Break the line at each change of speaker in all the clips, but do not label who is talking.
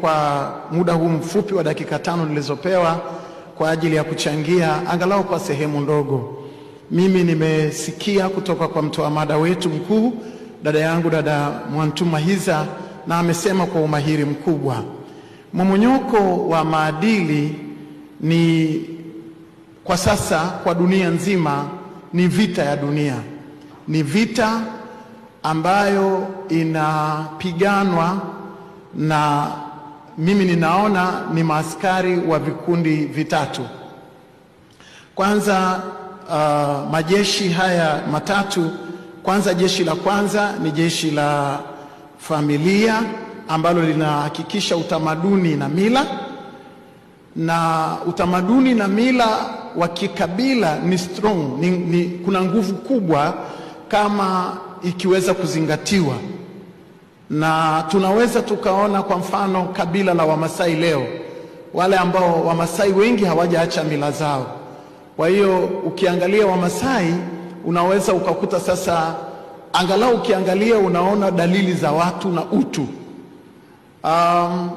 kwa muda huu mfupi wa dakika tano nilizopewa kwa ajili ya kuchangia angalau kwa sehemu ndogo. Mimi nimesikia kutoka kwa mtoa mada wetu mkuu dada yangu dada Mwantuma Hiza, na amesema kwa umahiri mkubwa, mmomonyoko wa maadili ni kwa sasa kwa dunia nzima ni vita ya dunia, ni vita ambayo inapiganwa na mimi ninaona ni maaskari wa vikundi vitatu. Kwanza uh, majeshi haya matatu, kwanza jeshi la kwanza ni jeshi la familia ambalo linahakikisha utamaduni na mila, na utamaduni na mila wa kikabila ni strong, ni, ni, kuna nguvu kubwa kama ikiweza kuzingatiwa na tunaweza tukaona kwa mfano kabila la Wamasai leo, wale ambao Wamasai wengi hawajaacha mila zao. Kwa hiyo ukiangalia Wamasai unaweza ukakuta sasa, angalau ukiangalia unaona dalili za watu na utu. Um,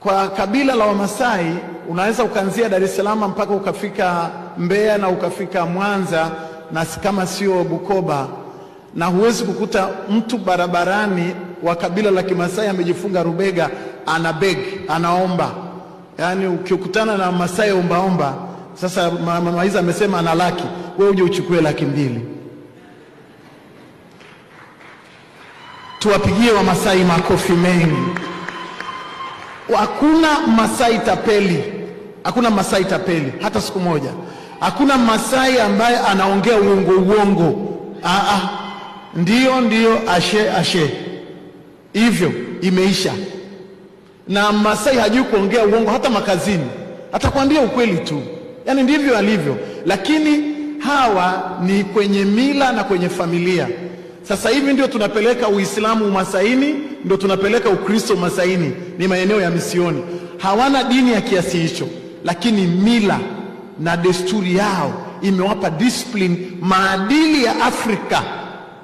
kwa kabila la Wamasai unaweza ukaanzia Dar es Salaam mpaka ukafika Mbeya na ukafika Mwanza na kama sio Bukoba, na huwezi kukuta mtu barabarani wa kabila la Kimasai amejifunga rubega, ana beg anaomba. Yaani ukikutana na Masai ombaomba, sasa mama Maiza amesema ana laki, wewe uje uchukue laki mbili. Tuwapigie Wamasai makofi mengi. Hakuna Masai tapeli, hakuna Masai tapeli hata siku moja. Hakuna Masai ambaye anaongea uongo uongo. Aa, ah, ah. ndio ndio, ashe ashe hivyo imeisha. Na Masai hajui kuongea uongo hata makazini, atakwambia ukweli tu, yaani ndivyo alivyo. Lakini hawa ni kwenye mila na kwenye familia. Sasa hivi ndio tunapeleka Uislamu Masaini, ndio tunapeleka Ukristo Masaini, ni maeneo ya misioni. Hawana dini ya kiasi hicho, lakini mila na desturi yao imewapa discipline, maadili ya Afrika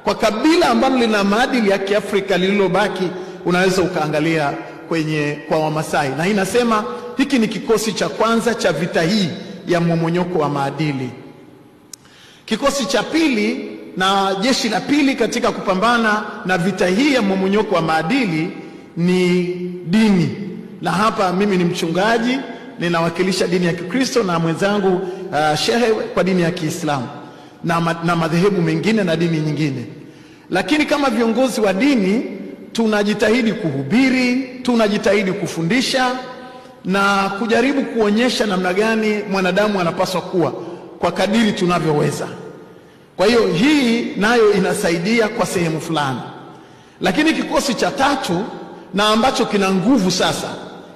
kwa kabila ambalo lina maadili ya Kiafrika lililobaki, unaweza ukaangalia kwenye kwa Wamasai, na inasema hiki ni kikosi cha kwanza cha vita hii ya mmomonyoko wa maadili. Kikosi cha pili na jeshi la pili katika kupambana na vita hii ya mmomonyoko wa maadili ni dini, na hapa mimi ni mchungaji ninawakilisha dini ya Kikristo na mwenzangu uh, shehe kwa dini ya Kiislamu na, ma, na madhehebu mengine na dini nyingine. Lakini kama viongozi wa dini tunajitahidi kuhubiri, tunajitahidi kufundisha na kujaribu kuonyesha namna gani mwanadamu anapaswa kuwa kwa kadiri tunavyoweza. Kwa hiyo hii nayo inasaidia kwa sehemu fulani, lakini kikosi cha tatu na ambacho kina nguvu sasa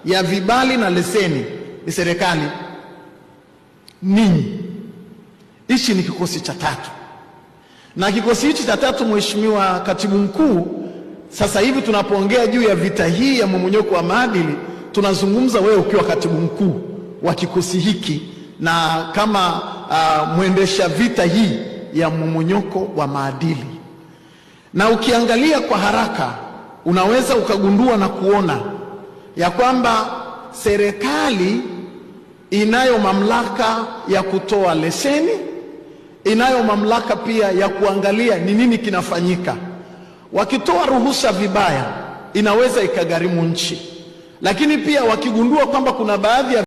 ya vibali na leseni ni serikali, ninyi. Hichi ni kikosi cha tatu. Na kikosi hichi cha tatu, Mheshimiwa Katibu Mkuu, sasa hivi tunapoongea juu ya vita hii ya mmomonyoko wa maadili, tunazungumza wewe ukiwa katibu mkuu wa kikosi hiki na kama uh, mwendesha vita hii ya mmomonyoko wa maadili. Na ukiangalia kwa haraka, unaweza ukagundua na kuona ya kwamba serikali inayo mamlaka ya kutoa leseni inayo mamlaka pia ya kuangalia ni nini kinafanyika. Wakitoa ruhusa vibaya, inaweza ikagharimu nchi, lakini pia wakigundua kwamba kuna baadhi ya